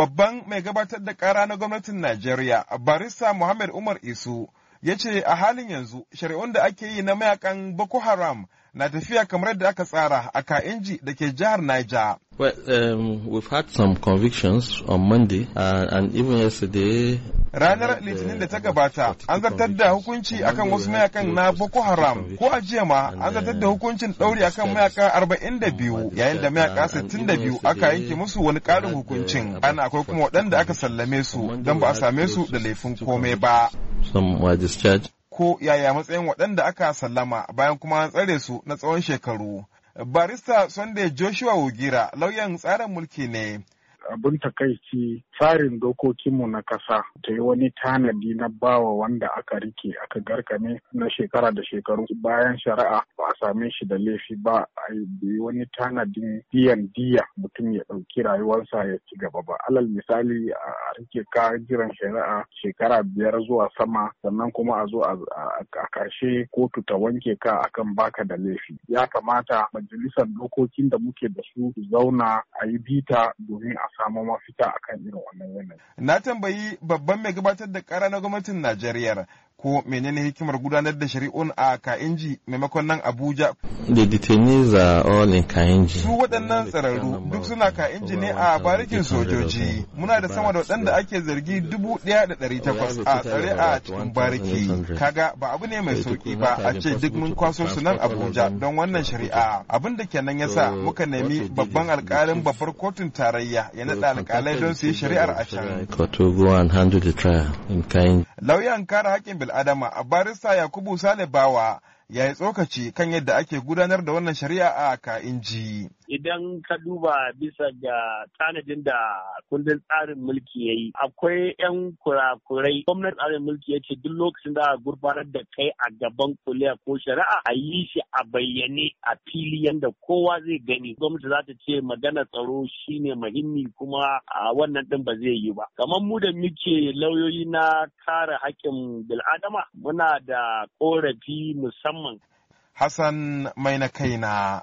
Babban mai gabatar da ƙara na gwamnatin Najeriya, Barista Muhammad Umar Isu, ya ce a halin yanzu shari'un da ake yi na mayakan Boko Haram na tafiya kamar yadda aka tsara a Ka'inji da ke jihar Niger. Well, um, we've had some convictions on Monday uh, and even yesterday ranar litinin da ta gabata an zartar da hukunci akan wasu mayakan na boko haram ko a jiya ma an zartar da hukuncin ɗauri akan mayaka arba'in da biyu yayin da mayaka sittin da biyu aka yanke musu wani ƙarin hukuncin ana akwai kuma waɗanda aka sallame su don ba a same su da laifin komai ba ko yaya matsayin waɗanda aka sallama bayan kuma an tsare su na tsawon shekaru barista sunday joshua wugira lauyan tsarin mulki ne abin takaici tsarin dokokinmu na ƙasa ta yi wani tanadi na bawa wanda aka rike aka garkame na shekara da shekaru bayan shari'a a same shi da laifi ba a yi wani tanadin biyan diya mutum ya ɗauki rayuwarsa ya ci gaba ba alal misali a rike ka jiran shari'a shekara biyar zuwa sama sannan kuma a zo a karshe kotu ta wanke ka akan baka da laifi ya kamata majalisar dokokin da muke da su zauna a yi bita domin a samu mafita akan irin wannan yanayi na tambayi babban mai gabatar da kara na gwamnatin najeriya ko menene hikimar gudanar da shari'un a Kainji maimakon nan Abuja. The detainees are all in Kainji. Su waɗannan tsararru duk suna Kainji ne a barikin sojoji. Muna da sama da waɗanda ake zargi dubu ɗaya da ɗari takwas a tsare a cikin bariki. Kaga ba abu ne mai sauƙi ba a ce duk mun kwaso su nan Abuja don wannan shari'a. Abin da kenan ya sa muka nemi babban alƙalin babbar kotun tarayya ya naɗa alƙalai don su yi shari'ar a can. Lauyan kare haƙƙin bil bil'adama a barista Yakubu Sale Bawa ya yi tsokaci kan yadda ake gudanar da wannan shari'a a Ka'inji. idan ka duba bisa ga tanadin da kundin tsarin mulki ya yi akwai 'yan kurakurai gwamnati tsarin mulki ya ce duk lokacin da gurbanar da kai a gaban kuliya ko shari'a a yi shi a bayyane a fili yadda kowa zai gani gwamnati za ta ce magana tsaro shine muhimmi kuma a wannan din ba zai yi ba kamar mu da muke lauyoyi na kare haƙƙin bil'adama muna da ƙorafi musamman Hassan mai na kaina